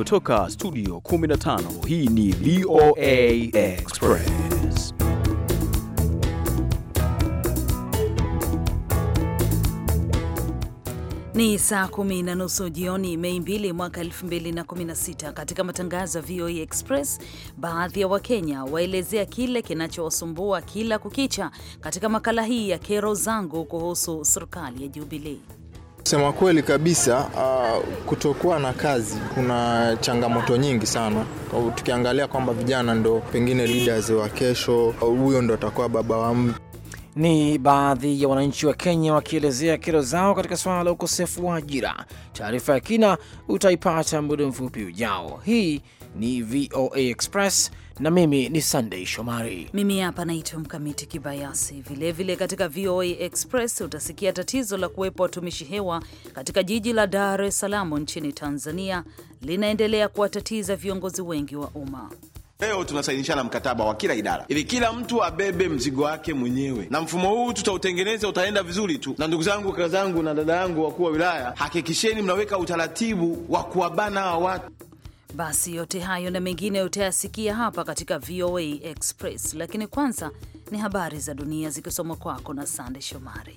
kutoka studio 15 hii ni VOA Express ni saa kumi na nusu jioni Mei 2 mwaka 2016. Katika matangazo ya VOA Express, baadhi ya Wakenya waelezea kile kinachowasumbua kila kukicha katika makala hii ya kero zangu kuhusu serikali ya Jubilee. Sema kweli kabisa, uh, kutokuwa na kazi kuna changamoto nyingi sana. Tukiangalia kwamba vijana ndo pengine leaders wa kesho, huyo ndo atakuwa baba wa mtu. Ni baadhi ya wananchi wa Kenya wakielezea kero zao katika suala la ukosefu wa ajira. Taarifa ya kina utaipata muda mfupi ujao. Hii ni VOA Express na mimi ni Sunday Shomari. Mimi hapa naitwa Mkamiti Kibayasi. Vilevile katika VOA Express utasikia tatizo la kuwepo watumishi hewa katika jiji la Dar es Salaam nchini Tanzania linaendelea kuwatatiza viongozi wengi wa umma. Leo tunasainishana mkataba wa kila idara ili kila mtu abebe mzigo wake mwenyewe, na mfumo huu tutautengeneza, utaenda vizuri tu. Na ndugu zangu, kaka zangu na dada yangu wakuu wa wilaya, hakikisheni mnaweka utaratibu wa kuwabana hawa watu. Basi yote hayo na mengine utayasikia hapa katika VOA Express, lakini kwanza ni habari za dunia zikisomwa kwako na Sande Shomari.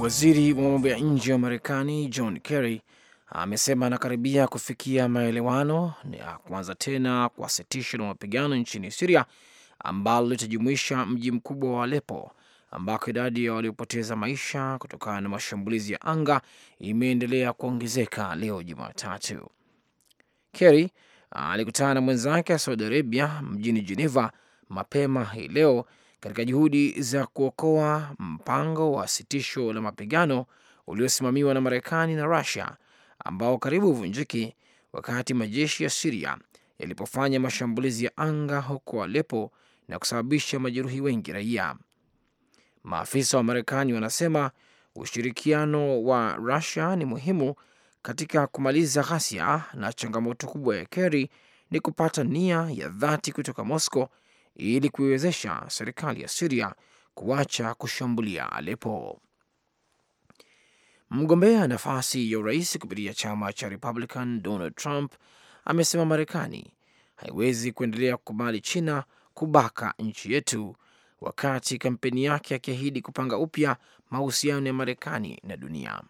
Waziri wa mambo ya nje wa Marekani John Kerry amesema anakaribia kufikia maelewano ya kuanza tena kwa sitisho la mapigano nchini Siria ambalo litajumuisha mji mkubwa wa Alepo ambako idadi ya waliopoteza maisha kutokana na mashambulizi ya anga imeendelea kuongezeka leo Jumatatu. Kerry alikutana na mwenzake wa Saudi Arabia mjini Geneva mapema hii leo katika juhudi za kuokoa mpango wa sitisho la mapigano uliosimamiwa na Marekani na Rusia ambao karibu uvunjiki wakati majeshi ya Siria yalipofanya mashambulizi ya anga huko Alepo na kusababisha majeruhi wengi raia. Maafisa wa Marekani wanasema ushirikiano wa Rusia ni muhimu katika kumaliza ghasia na changamoto kubwa ya Keri ni kupata nia ya dhati kutoka Moscow ili kuiwezesha serikali ya Siria kuacha kushambulia Alepo. Mgombea nafasi ya urais kupitia chama cha Republican Donald Trump amesema Marekani haiwezi kuendelea kukubali China kubaka nchi yetu wakati kampeni yake akiahidi kupanga upya mahusiano ya Marekani na dunia.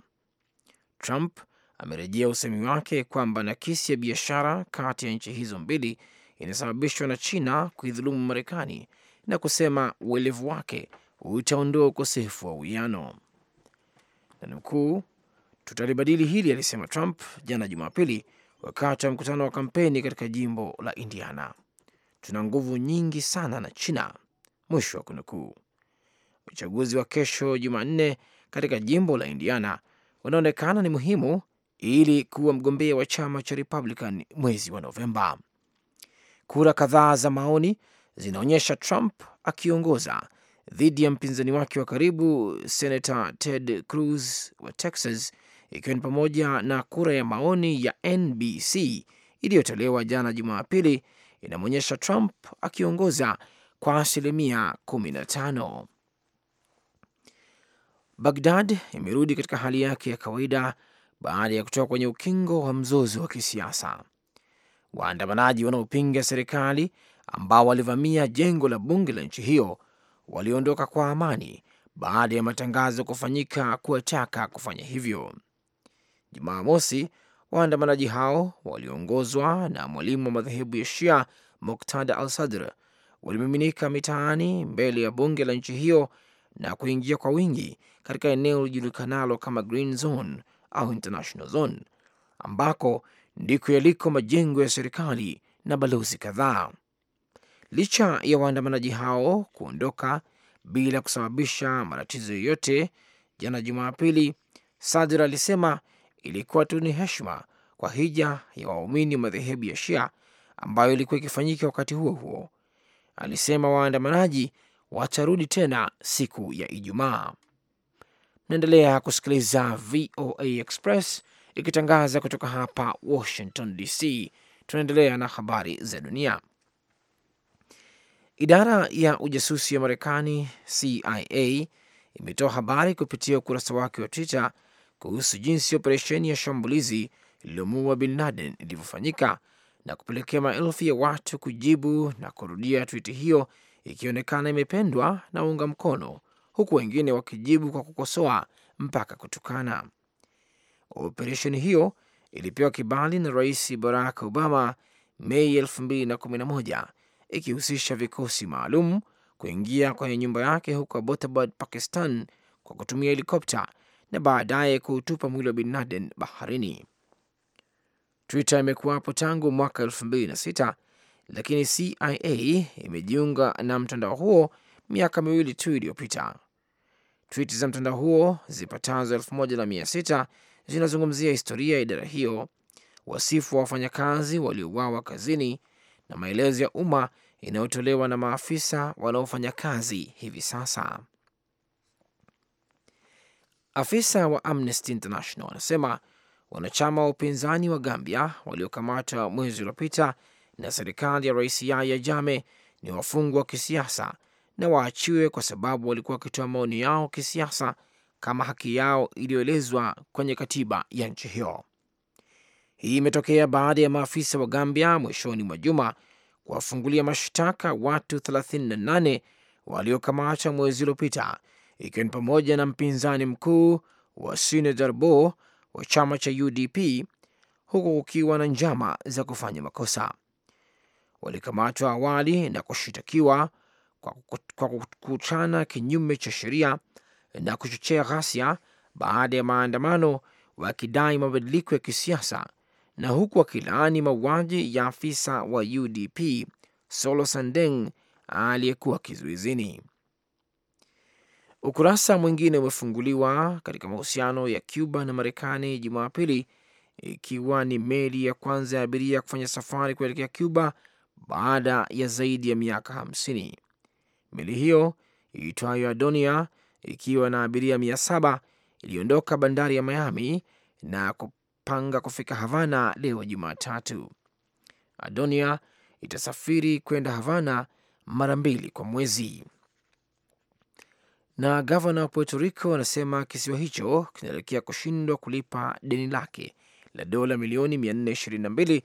Trump amerejea usemi wake kwamba nakisi ya biashara kati ya nchi hizo mbili inasababishwa na China kuidhulumu Marekani na kusema uelevu wake utaondoa ukosefu wa uwiano. Na nukuu, tutalibadili hili, alisema Trump jana Jumapili wakati wa mkutano wa kampeni katika jimbo la Indiana. Tuna nguvu nyingi sana na China mwisho wa kunukuu. Uchaguzi wa kesho Jumanne katika jimbo la Indiana unaonekana ni muhimu ili kuwa mgombea wa chama cha Republican mwezi wa Novemba. Kura kadhaa za maoni zinaonyesha Trump akiongoza dhidi ya mpinzani wake wa karibu Senator Ted Cruz wa Texas, ikiwa ni pamoja na kura ya maoni ya NBC iliyotolewa jana Jumapili inamwonyesha Trump akiongoza kwa asilimia 15. Bagdad imerudi katika hali yake ya kawaida baada ya kutoka kwenye ukingo wa mzozo wa kisiasa. Waandamanaji wanaopinga serikali ambao walivamia jengo la bunge la nchi hiyo waliondoka kwa amani baada ya matangazo kufanyika kuwataka kufanya hivyo. jumaa mosi waandamanaji hao waliongozwa na mwalimu wa madhehebu ya Shia Moktada Al Sadr ulimiminika mitaani mbele ya bunge la nchi hiyo na kuingia kwa wingi katika eneo lijulikanalo kama Green Zone au International Zone, ambako ndiko yaliko majengo ya serikali na balozi kadhaa. Licha ya waandamanaji hao kuondoka bila kusababisha matatizo yoyote, jana Jumapili, Sadr alisema ilikuwa tu ni heshima kwa hija ya waumini wa madhehebu ya Shia ambayo ilikuwa ikifanyika wakati huo huo alisema waandamanaji watarudi tena siku ya Ijumaa. mnaendelea kusikiliza VOA Express ikitangaza kutoka hapa Washington DC. Tunaendelea na habari za dunia. Idara ya ujasusi ya Marekani, CIA, imetoa habari kupitia ukurasa wake wa Twitter kuhusu jinsi operesheni ya shambulizi lililomuua Bin Laden ilivyofanyika na kupelekea maelfu ya watu kujibu na kurudia twiti hiyo ikionekana imependwa na unga mkono, huku wengine wakijibu kwa kukosoa mpaka kutukana. Operesheni hiyo ilipewa kibali na Rais Barack Obama Mei 2011 ikihusisha vikosi maalum kuingia kwenye nyumba yake huko Abbottabad, Pakistan, kwa kutumia helikopta na baadaye kuutupa mwili wa bin Laden baharini. Twitter imekuwapo tangu mwaka 2006 lakini CIA imejiunga na mtandao huo miaka miwili tu iliyopita. Twiti za mtandao huo zipatazo 1600 zinazungumzia historia ya idara hiyo, wasifu wa wafanyakazi waliouawa kazini na maelezo ya umma inayotolewa na maafisa wanaofanya kazi hivi sasa. Afisa wa Amnesty International anasema Wanachama wa upinzani wa Gambia waliokamata mwezi uliopita na serikali ya Rais Yahya jame ni wafungwa wa kisiasa na waachiwe kwa sababu walikuwa wakitoa maoni yao kisiasa kama haki yao iliyoelezwa kwenye katiba ya nchi hiyo. Hii imetokea baada ya maafisa wa Gambia mwishoni mwa juma kuwafungulia mashtaka watu 38 waliokamata mwezi uliopita, ikiwa ni pamoja na mpinzani mkuu wa Sine wa chama cha UDP huku kukiwa na njama za kufanya makosa. Walikamatwa awali na kushitakiwa kwa kukutana kinyume cha sheria na kuchochea ghasia baada ya maandamano, wakidai mabadiliko ya kisiasa na huku wakilaani mauaji ya afisa wa UDP Solo Sandeng aliyekuwa kizuizini. Ukurasa mwingine umefunguliwa katika mahusiano ya Cuba na Marekani Jumapili, ikiwa ni meli ya kwanza ya abiria kufanya safari kuelekea Cuba baada ya zaidi ya miaka hamsini. Meli hiyo iitwayo Adonia ikiwa na abiria mia saba iliondoka bandari ya Miami na kupanga kufika Havana leo Jumatatu. Adonia itasafiri kwenda Havana mara mbili kwa mwezi na gavana wa Puerto Rico anasema kisiwa hicho kinaelekea kushindwa kulipa deni lake la dola milioni 422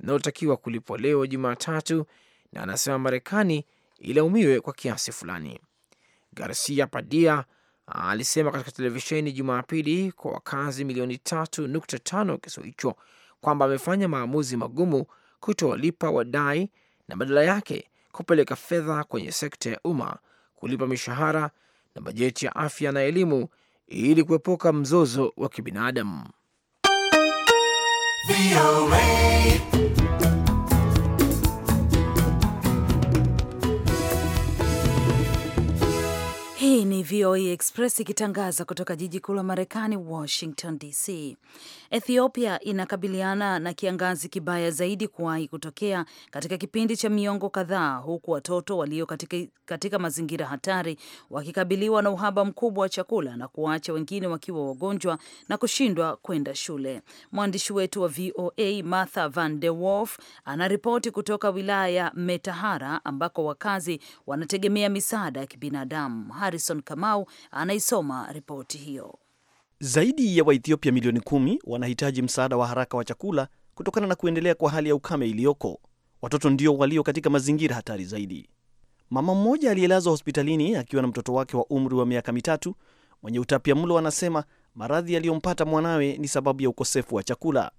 linalotakiwa kulipwa leo Jumatatu, na anasema Marekani ilaumiwe kwa kiasi fulani. Garcia Padia alisema katika televisheni Jumapili kwa wakazi milioni 3.5 wa kisiwa hicho kwamba amefanya maamuzi magumu kutowalipa wadai na badala yake kupeleka fedha kwenye sekta ya umma kulipa mishahara na bajeti ya afya na elimu ili kuepuka mzozo wa kibinadamu. ni VOA e Express ikitangaza kutoka jiji kuu la Marekani, Washington DC. Ethiopia inakabiliana na kiangazi kibaya zaidi kuwahi kutokea katika kipindi cha miongo kadhaa, huku watoto walio katika, katika mazingira hatari wakikabiliwa na uhaba mkubwa wa chakula na kuwaacha wengine wakiwa wagonjwa na kushindwa kwenda shule. Mwandishi wetu wa VOA e, Martha Van de Wolf anaripoti kutoka wilaya ya Metahara ambako wakazi wanategemea misaada ya kibinadamu. Harrison Kamau anaisoma ripoti hiyo. Zaidi ya Waethiopia milioni kumi wanahitaji msaada wa haraka wa chakula kutokana na kuendelea kwa hali ya ukame iliyoko. Watoto ndio walio katika mazingira hatari zaidi. Mama mmoja aliyelazwa hospitalini akiwa na mtoto wake wa umri wa miaka mitatu mwenye utapia mlo anasema maradhi yaliyompata mwanawe ni sababu ya ukosefu wa chakula.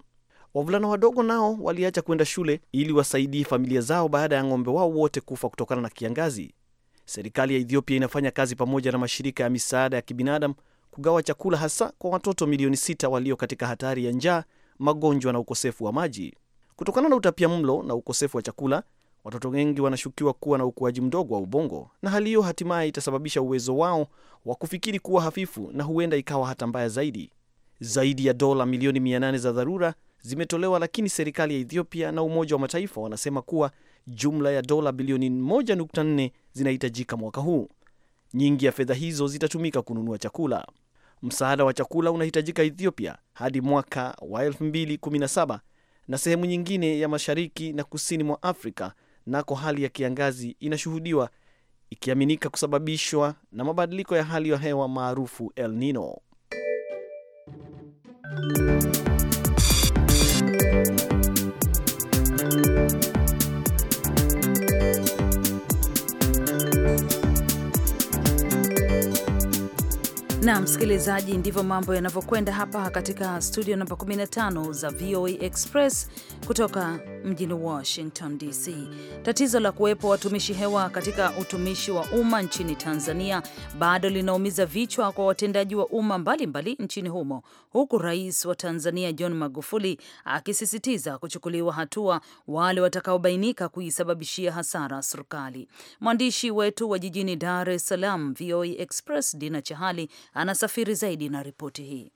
Wavulana wadogo nao waliacha kwenda shule ili wasaidie familia zao baada ya ng'ombe wao wote kufa kutokana na kiangazi, Serikali ya Ethiopia inafanya kazi pamoja na mashirika ya misaada ya kibinadamu kugawa chakula hasa kwa watoto milioni sita walio katika hatari ya njaa, magonjwa na ukosefu wa maji. Kutokana na utapia mlo na ukosefu wa chakula, watoto wengi wanashukiwa kuwa na ukuaji mdogo wa ubongo, na hali hiyo hatimaye itasababisha uwezo wao wa kufikiri kuwa hafifu na huenda ikawa hata mbaya zaidi. Zaidi ya dola milioni 800 za dharura zimetolewa, lakini serikali ya Ethiopia na Umoja wa Mataifa wanasema kuwa jumla ya dola bilioni 1.4 zinahitajika mwaka huu. Nyingi ya fedha hizo zitatumika kununua chakula. Msaada wa chakula unahitajika Ethiopia hadi mwaka wa 2017 na sehemu nyingine ya mashariki na kusini mwa Afrika nako hali ya kiangazi inashuhudiwa ikiaminika kusababishwa na mabadiliko ya hali ya hewa maarufu El Nino. na msikilizaji, ndivyo mambo yanavyokwenda hapa katika studio namba 15 za VOA Express kutoka mjini Washington DC. Tatizo la kuwepo watumishi hewa katika utumishi wa umma nchini Tanzania bado linaumiza vichwa kwa watendaji wa umma mbalimbali nchini humo, huku Rais wa Tanzania John Magufuli akisisitiza kuchukuliwa hatua wale watakaobainika kuisababishia hasara serikali. Mwandishi wetu wa jijini Dar es Salaam, VOA e Express, Dina Chahali anasafiri zaidi na ripoti hii.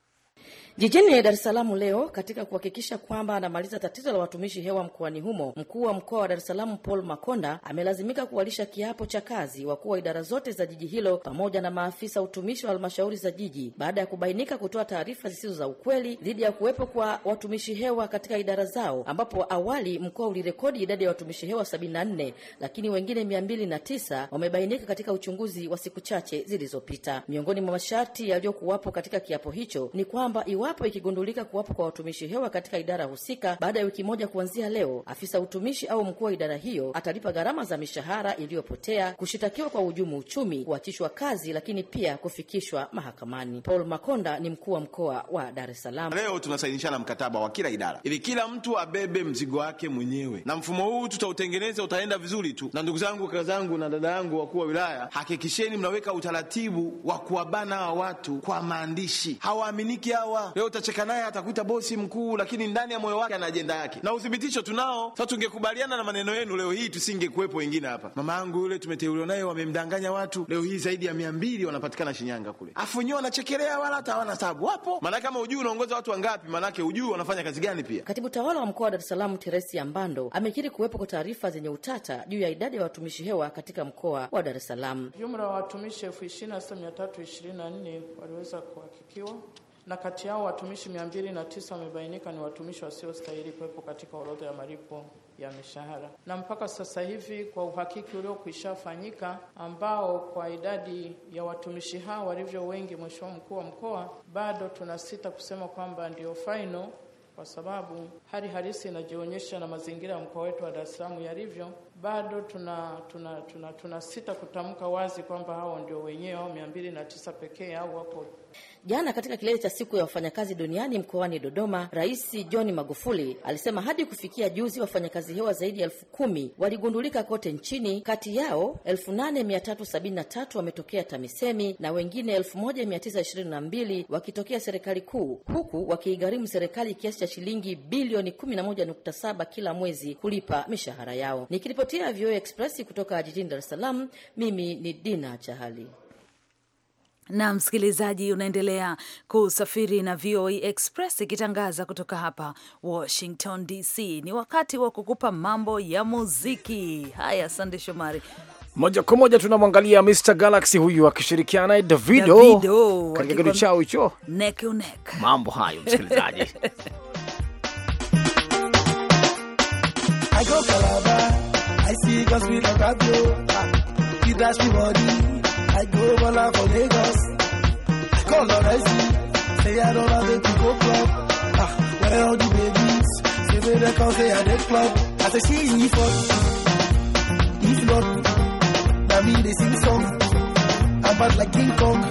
Jijini Dar es Salaam leo katika kuhakikisha kwamba anamaliza tatizo la watumishi hewa mkoani humo, mkuu wa mkoa wa Dar es Salaam Paul Makonda amelazimika kuwalisha kiapo cha kazi wakuu wa idara zote za jiji hilo pamoja na maafisa utumishi wa halmashauri za jiji baada ya kubainika kutoa taarifa zisizo za ukweli dhidi ya kuwepo kwa watumishi hewa katika idara zao, ambapo awali mkoa ulirekodi idadi ya watumishi hewa 74 lakini wengine 209 wamebainika katika uchunguzi wa siku chache zilizopita. Miongoni mwa masharti yaliyokuwapo katika kiapo hicho ni kwamba Iwapo ikigundulika kuwapo kwa watumishi hewa katika idara husika, baada ya wiki moja kuanzia leo, afisa utumishi au mkuu wa idara hiyo atalipa gharama za mishahara iliyopotea, kushitakiwa kwa uhujumu uchumi, kuachishwa kazi, lakini pia kufikishwa mahakamani. Paul Makonda ni mkuu wa mkoa wa Dar es Salaam. Leo tunasainishana mkataba wa kila idara ili kila mtu abebe mzigo wake mwenyewe, na mfumo huu tutautengeneza, utaenda vizuri tu. Na ndugu zangu, kaka zangu na dada yangu, wakuu wa wilaya, hakikisheni mnaweka utaratibu wa kuwabana hawa watu kwa maandishi. Hawaaminiki hawa leo utacheka naye atakuita bosi mkuu, lakini ndani ya moyo wake ana ajenda yake, na uthibitisho tunao. Sasa tungekubaliana na maneno yenu leo hii tusingekuwepo wengine hapa. Mama yangu yule tumeteuliwa naye, wamemdanganya watu, leo hii zaidi ya mia mbili wanapatikana Shinyanga kule, afu wenyewe wanachekelea, wala hata hawana tabu. Wapo maanake, kama ujui unaongoza watu wangapi, maanake ujui wanafanya kazi gani. Pia katibu tawala wa mkoa wa Dar es Salaam Teresi Ambando amekiri kuwepo kwa taarifa zenye utata juu ya idadi ya watumishi hewa katika mkoa wa Dar es Salaam. Jumla ya watumishi elfu ishirini na sita mia tatu ishirini na nne waliweza kuhakikiwa na kati yao watumishi 209 wamebainika ni watumishi wasiostahili kuwepo katika orodha ya malipo ya mishahara. Na mpaka sasa hivi, kwa uhakiki uliokwishafanyika, ambao kwa idadi ya watumishi hao walivyo wengi, Mheshimiwa Mkuu wa Mkoa, bado tuna sita kusema kwamba ndio final kwa sababu hali halisi inajionyesha na mazingira ya mkoa wetu wa Dar es Salaam yalivyo, bado tuna tuna tuna, tuna sita kutamka wazi kwamba hao ndio wenyewe au mia mbili na tisa pekee au wako Jana katika kilele cha siku ya wafanyakazi duniani mkoani Dodoma, Rais John Magufuli alisema hadi kufikia juzi wafanyakazi hewa zaidi ya elfu kumi waligundulika kote nchini. Kati yao elfu nane mia tatu sabini na tatu wametokea TAMISEMI na wengine elfu moja mia tisa ishirini na mbili wakitokea serikali kuu, huku wakiigharimu serikali kiasi cha shilingi bilioni kumi na moja nukta saba kila mwezi kulipa mishahara yao. Nikiripotia VOA Express kutoka jijini Dar es Salaam, mimi ni Dina Chahali na msikilizaji, unaendelea kusafiri na VOA e Express ikitangaza kutoka hapa Washington DC. Ni wakati wa kukupa mambo ya muziki. Haya, Sande Shomari, moja kwa moja tunamwangalia Mr Galaxy huyu akishirikiana naye Davido katika kitu chao hicho neck to neck. Mambo hayo msikilizaji. I go I see I go bala for Lagos. Call on Icy. Say I don't have it to go club. Ah, where are the babies? Say they they come say I dey club. I say she is for. If not, na me they sing song. I'm bad like King Kong.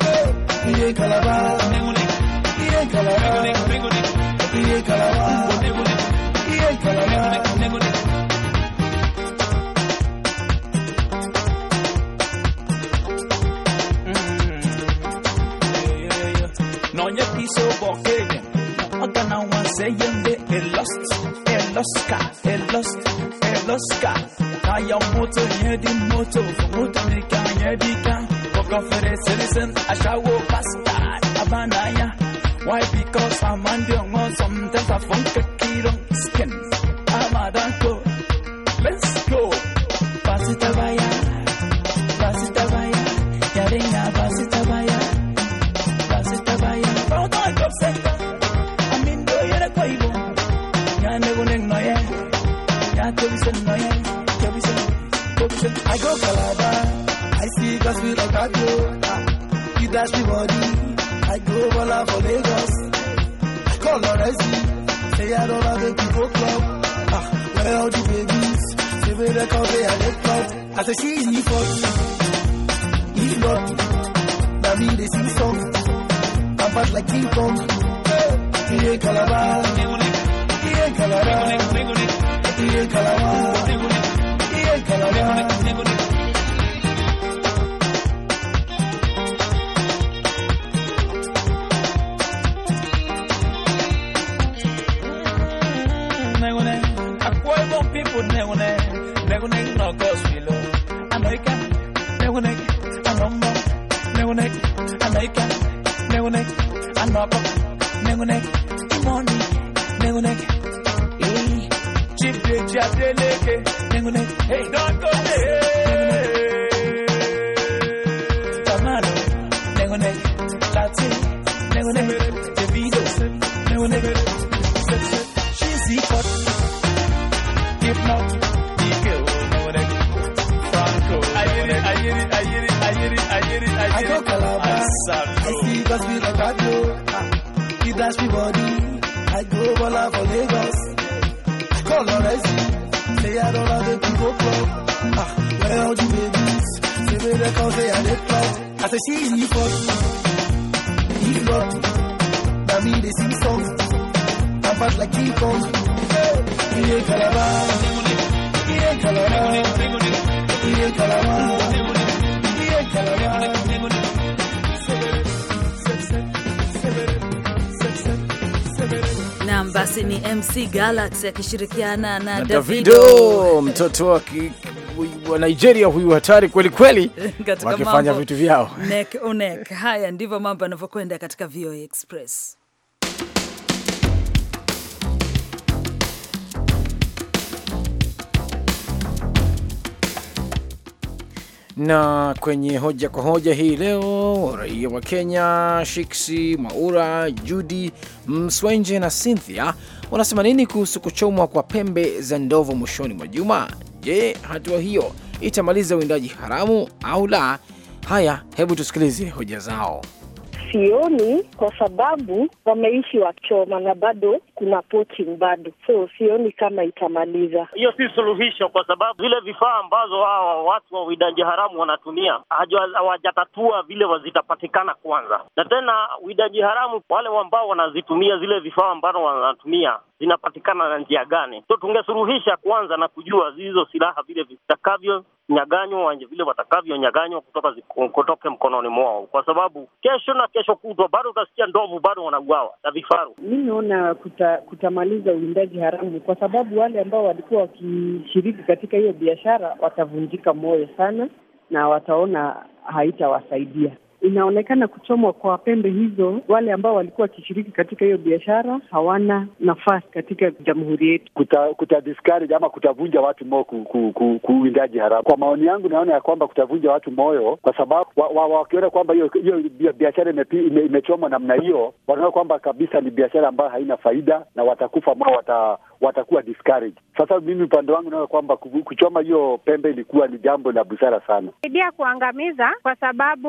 Hey, he ain't Calabar. He ain't Calabar. He ain't Calabar. Oscar, el to el Oscar. Kaya moto yedi moto, moto nika yedika. Ogo the citizen, ashawo pastor, abanaya. Why because Dash me money, I go all out for Lagos. I call her Resi. Say I don't have a people club. Ah, where all the babies? Say where they come, they are left out. I say she is new for If not, that mean they sing song. I'm fat like King Kong. He ain't Calabar. He ain't Calabar. He ain't Calabar. He ain't Calabar. une une, ne une no cosilo. America, ne une, anombo, ne une, America, ne une, anopo, ne une, imoni, ne une, eh. Chip de chadeleke, ne une, hey, don't go there. akishirikiana na Davido, mtoto wa wa Nigeria huyu hatari kweli kweli, wakifanya vitu vyao neck on neck. Haya ndivyo mambo yanavyokwenda katika VOA Express. na kwenye hoja kwa hoja hii leo, raia wa Kenya Shiksi Mwaura, Judi Mswenje na Cynthia Wanasema nini kuhusu kuchomwa kwa pembe za ndovu mwishoni mwa juma? Je, hatua hiyo itamaliza uwindaji haramu au la? Haya, hebu tusikilize hoja zao sioni kwa sababu wameishi wachoma na bado kuna poaching bado, so sioni kama itamaliza. Hiyo si suluhisho, kwa sababu vile vifaa ambazo hawa watu wa widaji haramu wanatumia hawajatatua vile wazitapatikana kwanza, na tena widaji haramu wale ambao wanazitumia zile vifaa ambao wanatumia zinapatikana na njia gani? So tungesuluhisha kwanza na kujua hizo silaha vile vitakavyo wanje vile watakavyonyaganywa kutoka kutoke mkononi mwao, kwa sababu kesho na kesho kutwa bado utasikia ndovu bado wanauawa na vifaru. Mi naona kuta, kutamaliza uwindaji haramu, kwa sababu wale ambao walikuwa wakishiriki katika hiyo biashara watavunjika moyo sana na wataona haitawasaidia. Inaonekana kuchomwa kwa pembe hizo, wale ambao walikuwa wakishiriki katika hiyo biashara hawana nafasi katika jamhuri yetu. Kutadiscourage kuta ama kutavunja watu moyo kuwindaji haramu. Kwa maoni yangu, naona ya kwamba kutavunja watu moyo, kwa sababu wa, wa, wakiona kwamba hiyo biashara imechomwa ime, namna hiyo, wanaona kwamba kabisa ni biashara ambayo haina faida na watakufa mao wata watakuwa discouraged. Sasa mimi upande wangu naona kwamba kuchoma hiyo pembe ilikuwa ni jambo la busara sana, saidia kuangamiza, kwa sababu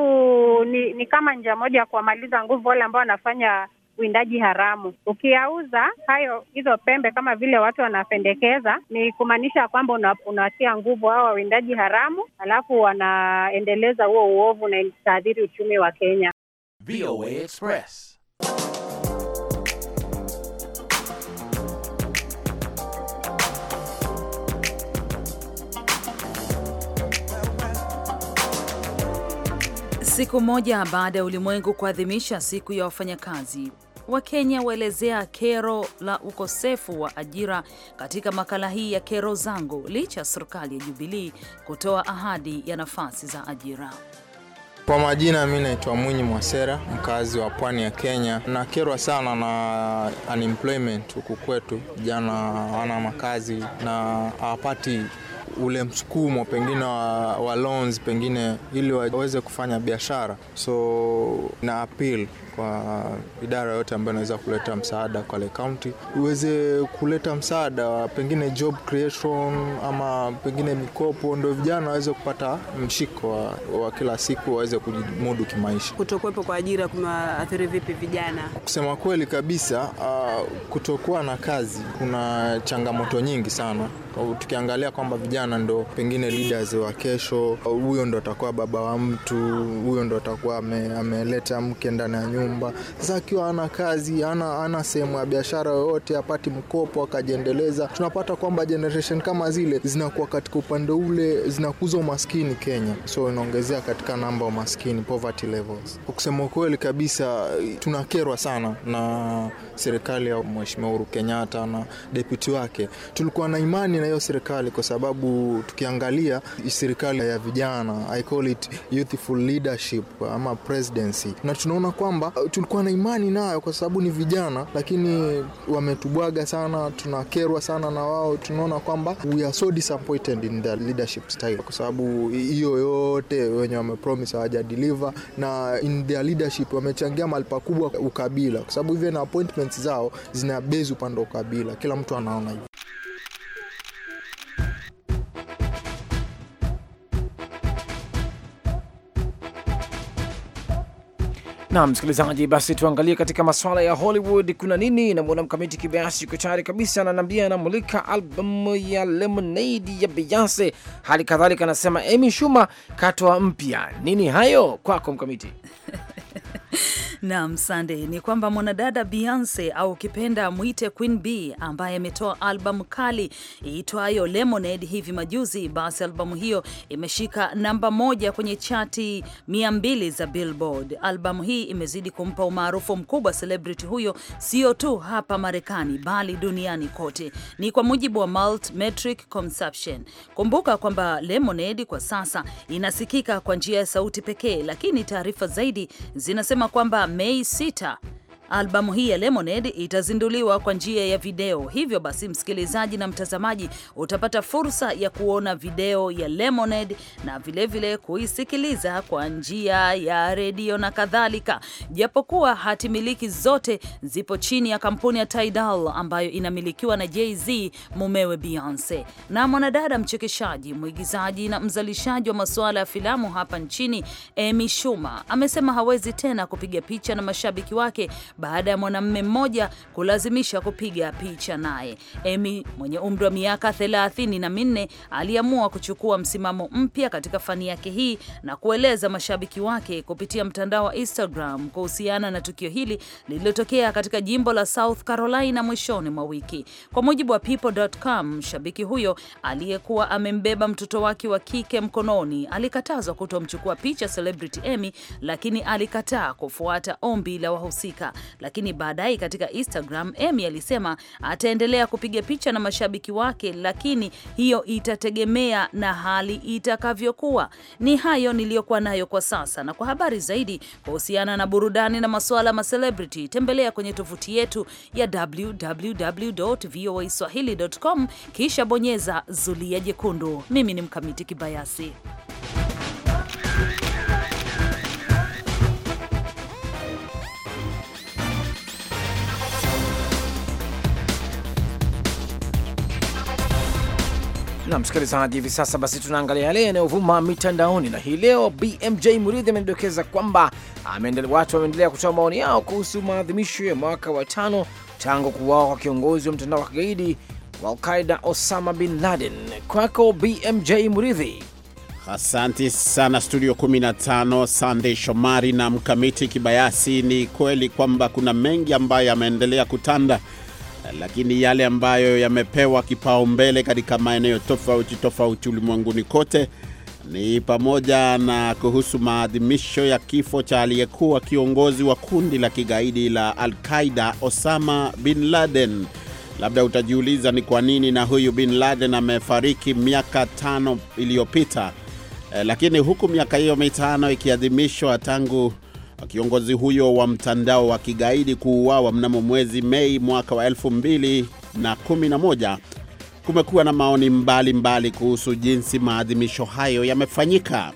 ni, ni kama njia moja ya kuwamaliza nguvu wale ambao wanafanya uwindaji haramu. Ukiyauza hayo hizo pembe kama vile watu wanapendekeza, ni kumaanisha kwamba una, unawatia nguvu hao wawindaji haramu, alafu wanaendeleza huo uovu na itaadhiri uchumi wa Kenya. VOA Express. Siku moja baada ya ulimwengu kuadhimisha siku ya wafanyakazi, Wakenya waelezea kero la ukosefu wa ajira katika makala hii ya kero zangu, licha ya serikali ya Jubilii kutoa ahadi ya nafasi za ajira. Kwa majina mi naitwa Mwinyi Mwasera, mkazi wa pwani ya Kenya. Nakerwa sana na unemployment huku kwetu, vijana hawana makazi na hawapati ule msukumo pengine wa, wa loans pengine ili waweze kufanya biashara, so na appeal kwa idara yote ambayo inaweza kuleta msaada le County uweze kuleta msaada, pengine job creation ama pengine mikopo, ndio vijana waweze kupata mshiko wa, wa kila siku waweze kujimudu kimaisha. Kutokuwepo kwa ajira kumeathiri vipi vijana? Kusema kweli kabisa, uh, kutokuwa na kazi kuna changamoto nyingi sana tukiangalia kwamba vijana ndo pengine leaders wa kesho, huyo ndo atakuwa baba wa mtu, huyo ndo atakuwa ameleta ame mke ndani ya nyumba. Sasa akiwa ana kazi, ana, ana sehemu ya biashara yoyote, apati mkopo akajiendeleza, tunapata kwamba generation kama zile zinakuwa katika upande ule, zinakuza umaskini Kenya, so inaongezea katika namba umaskini, poverty levels. Kwa kusema ukweli kabisa, tunakerwa sana na serikali ya Mheshimiwa Uhuru Kenyatta na deputy wake. Tulikuwa na imani na hiyo serikali, kwa sababu tukiangalia serikali ya vijana, I call it youthful leadership ama presidency, na tunaona kwamba uh, tulikuwa na imani nayo kwa sababu ni vijana, lakini wametubwaga sana, tunakerwa sana na wao. Tunaona kwamba we are so disappointed in the leadership style, kwa sababu hiyo yote wenye wamepromise hawajadeliver, na in their leadership wamechangia mahali pakubwa ukabila, kwa sababu hivyo na appointments zao zina bezi upande wa ukabila, kila mtu anaona na msikilizaji, basi tuangalie katika masuala ya Hollywood kuna nini. Namwona mkamiti kibayasi yuko tayari kabisa, ananiambia anamulika albamu ya Lemonade ya Beyonce. Hali kadhalika anasema Amy Schumer katoa mpya. Nini hayo kwako, mkamiti? Naam, sande ni kwamba mwanadada Beyonce au ukipenda mwite Queen B ambaye ametoa albamu kali iitwayo Lemonade hivi majuzi, basi albamu hiyo imeshika namba moja kwenye chati mia mbili za Billboard. Albamu hii imezidi kumpa umaarufu mkubwa celebrity huyo, sio tu hapa Marekani bali duniani kote, ni kwa mujibu wa Metric Consumption. Kumbuka kwamba Lemonade kwa sasa inasikika kwa njia ya sauti pekee, lakini taarifa zaidi zinasema anasema kwamba Mei 6 Albamu hii ya Lemonade itazinduliwa kwa njia ya video, hivyo basi msikilizaji na mtazamaji utapata fursa ya kuona video ya Lemonade na vilevile kuisikiliza kwa njia ya redio na kadhalika, japokuwa hati miliki zote zipo chini ya kampuni ya Tidal ambayo inamilikiwa na Jay-Z mumewe Beyonce. Na mwanadada mchekeshaji, mwigizaji na mzalishaji wa masuala ya filamu hapa nchini Amy Schumer amesema hawezi tena kupiga picha na mashabiki wake baada ya mwanamume mmoja kulazimisha kupiga picha naye. Emi mwenye umri wa miaka thelathini na minne aliamua kuchukua msimamo mpya katika fani yake hii na kueleza mashabiki wake kupitia mtandao wa Instagram kuhusiana na tukio hili lililotokea katika jimbo la South Carolina mwishoni mwa wiki. Kwa mujibu wa people.com, shabiki huyo aliyekuwa amembeba mtoto wake wa kike mkononi alikatazwa kutomchukua picha celebrity Emi, lakini alikataa kufuata ombi la wahusika lakini baadaye katika Instagram Emmy alisema ataendelea kupiga picha na mashabiki wake, lakini hiyo itategemea na hali itakavyokuwa. Ni hayo niliyokuwa nayo kwa sasa, na kwa habari zaidi kuhusiana na burudani na masuala ya celebrity tembelea kwenye tovuti yetu ya www.voaswahili.com, kisha bonyeza zulia jekundu. Mimi ni Mkamiti Kibayasi. na msikilizaji, hivi sasa basi tunaangalia yale yanayovuma mitandaoni, na hii leo BMJ Muridhi amenidokeza kwamba watu wameendelea kutoa maoni yao kuhusu maadhimisho ya mwaka wa tano tangu kuuawa kwa kiongozi wa mtandao wa kigaidi wa Alqaida Osama bin Laden. Kwako BMJ Muridhi. asanti sana studio 15, Sandey Shomari na Mkamiti Kibayasi. Ni kweli kwamba kuna mengi ambayo yameendelea kutanda lakini yale ambayo yamepewa kipaumbele katika maeneo tofauti tofauti ulimwenguni kote ni pamoja na kuhusu maadhimisho ya kifo cha aliyekuwa kiongozi wa kundi la kigaidi la Al-Qaida Osama bin Laden. Labda utajiuliza ni kwa nini na huyu bin Laden amefariki miaka tano iliyopita, eh, lakini huku miaka hiyo mitano ikiadhimishwa tangu kiongozi huyo wa mtandao wa kigaidi kuuawa mnamo mwezi Mei mwaka wa 2011, kumekuwa na maoni mbalimbali mbali kuhusu jinsi maadhimisho hayo yamefanyika.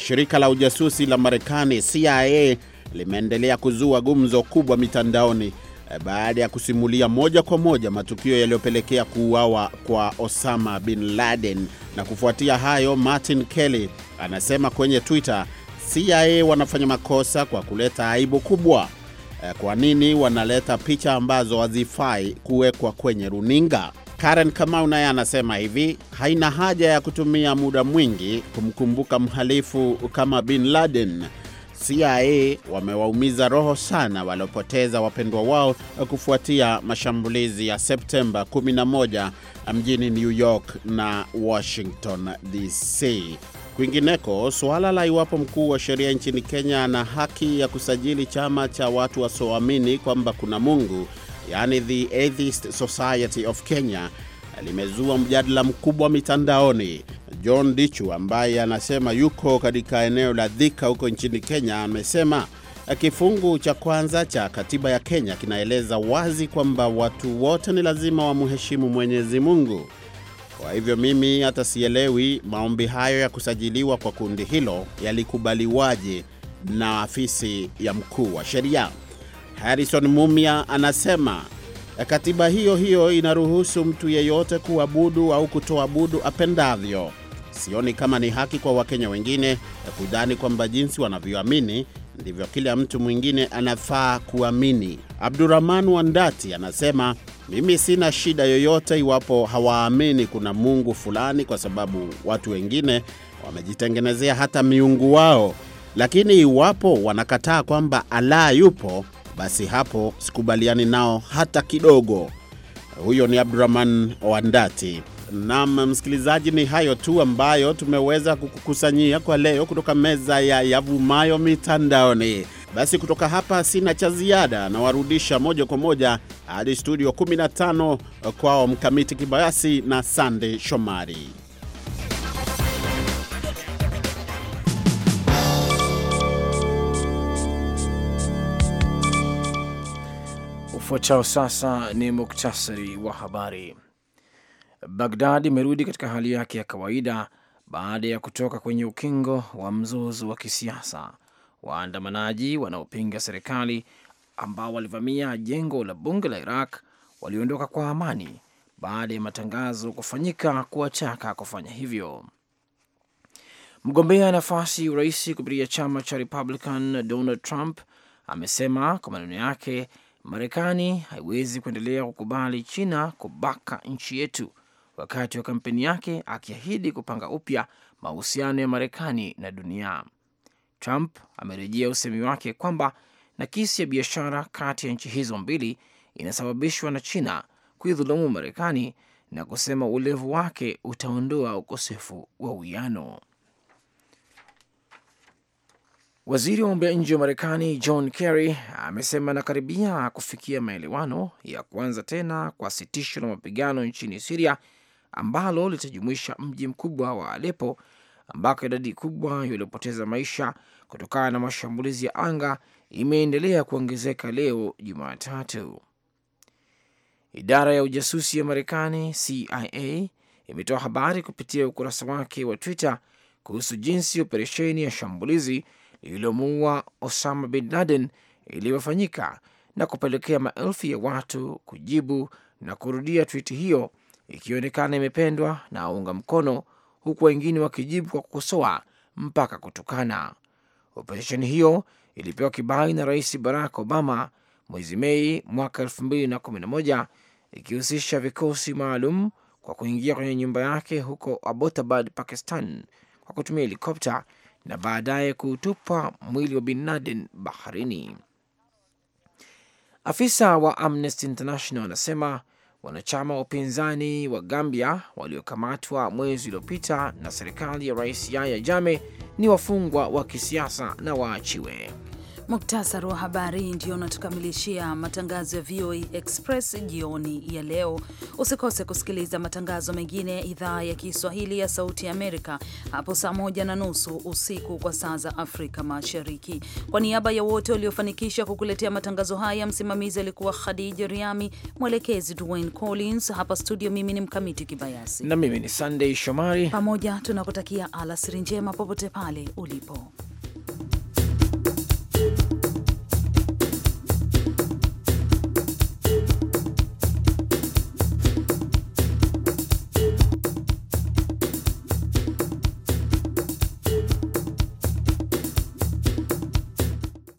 Shirika la ujasusi la Marekani CIA limeendelea kuzua gumzo kubwa mitandaoni eh, baada ya kusimulia moja kwa moja matukio yaliyopelekea kuuawa kwa Osama bin Laden. Na kufuatia hayo, Martin Kelly anasema kwenye Twitter CIA wanafanya makosa kwa kuleta aibu kubwa. Eh, kwa nini wanaleta picha ambazo hazifai kuwekwa kwenye runinga? Karen Kamau naye anasema hivi, haina haja ya kutumia muda mwingi kumkumbuka mhalifu kama Bin Laden. CIA wamewaumiza roho sana waliopoteza wapendwa wao kufuatia mashambulizi ya Septemba 11 mjini New York na Washington DC. Kwingineko, suala la iwapo mkuu wa sheria nchini Kenya ana haki ya kusajili chama cha watu wasioamini kwamba kuna Mungu, yaani the Atheist Society of Kenya, limezua mjadala mkubwa mitandaoni. John Dichu ambaye anasema yuko katika eneo la Thika huko nchini Kenya amesema kifungu cha kwanza cha katiba ya Kenya kinaeleza wazi kwamba watu wote ni lazima wamheshimu Mwenyezi Mungu. Kwa hivyo mimi hata sielewi maombi hayo ya kusajiliwa kwa kundi hilo yalikubaliwaje na afisi ya mkuu wa sheria. Harrison Mumia anasema eh, katiba hiyo hiyo inaruhusu mtu yeyote kuabudu au kutoabudu apendavyo. Sioni kama ni haki kwa Wakenya wengine eh, kudhani kwamba jinsi wanavyoamini ndivyo kila mtu mwingine anafaa kuamini. Abdurahman Wandati anasema mimi sina shida yoyote iwapo hawaamini kuna mungu fulani, kwa sababu watu wengine wamejitengenezea hata miungu wao, lakini iwapo wanakataa kwamba Alaa yupo, basi hapo sikubaliani nao hata kidogo. Huyo ni Abdurahman Wandati. Nam msikilizaji, ni hayo tu ambayo tumeweza kukukusanyia kwa leo kutoka meza ya yavumayo mitandaoni. Basi kutoka hapa sina cha ziada, nawarudisha moja kwa moja hadi studio 15 kwao Mkamiti Kibayasi na Sande Shomari. Ufuatao sasa ni muktasari wa habari. Bagdad imerudi katika hali yake ya kawaida baada ya kutoka kwenye ukingo wa mzozo wa kisiasa Waandamanaji wanaopinga serikali ambao walivamia jengo la bunge la Iraq waliondoka kwa amani baada ya matangazo kufanyika kuwataka kufanya hivyo. Mgombea nafasi urais kupitia chama cha Republican Donald Trump amesema kwa maneno yake, Marekani haiwezi kuendelea kukubali China kubaka nchi yetu, wakati wa kampeni yake akiahidi kupanga upya mahusiano ya Marekani na dunia. Trump amerejea usemi wake kwamba nakisi ya biashara kati ya nchi hizo mbili inasababishwa na China kuidhulumu Marekani na kusema ulevu wake utaondoa ukosefu wa uwiano. Waziri wa mambo ya nje wa Marekani John Kerry amesema anakaribia kufikia maelewano ya kuanza tena kwa sitisho la mapigano nchini Siria ambalo litajumuisha mji mkubwa wa Alepo ambako idadi kubwa waliopoteza maisha kutokana na mashambulizi ya anga imeendelea kuongezeka leo Jumatatu. Idara ya ujasusi ya Marekani CIA imetoa habari kupitia ukurasa wake wa Twitter kuhusu jinsi operesheni ya shambulizi lililomuua Osama bin Laden ilivyofanyika na kupelekea maelfu ya watu kujibu na kurudia twiti hiyo, ikionekana imependwa na aunga mkono huku wengine wakijibu kwa kukosoa mpaka kutukana. Operesheni hiyo ilipewa kibali na Rais Barack Obama mwezi Mei mwaka elfu mbili na na kumi moja ikihusisha vikosi maalum kwa kuingia kwenye nyumba yake huko Abotabad, Pakistan, kwa kutumia helikopta na baadaye kuutupa mwili wa Bin Laden baharini. Afisa wa Amnesty International anasema wanachama wa upinzani wa Gambia waliokamatwa mwezi uliopita na serikali ya Rais yaya jame ni wafungwa wa kisiasa na waachiwe. Muktasari wa habari ndio unatukamilishia matangazo ya VOA e Express jioni ya leo. Usikose kusikiliza matangazo mengine ya idhaa ya Kiswahili ya Sauti Amerika hapo saa moja na nusu usiku kwa saa za Afrika Mashariki. Kwa niaba ya wote waliofanikisha kukuletea matangazo haya, msimamizi alikuwa Khadija Riami, mwelekezi Dwayne Collins. Hapa studio, mimi ni Mkamiti Kibayasi na mimi ni sandey Shomari. Pamoja tunakutakia alasiri njema popote pale ulipo.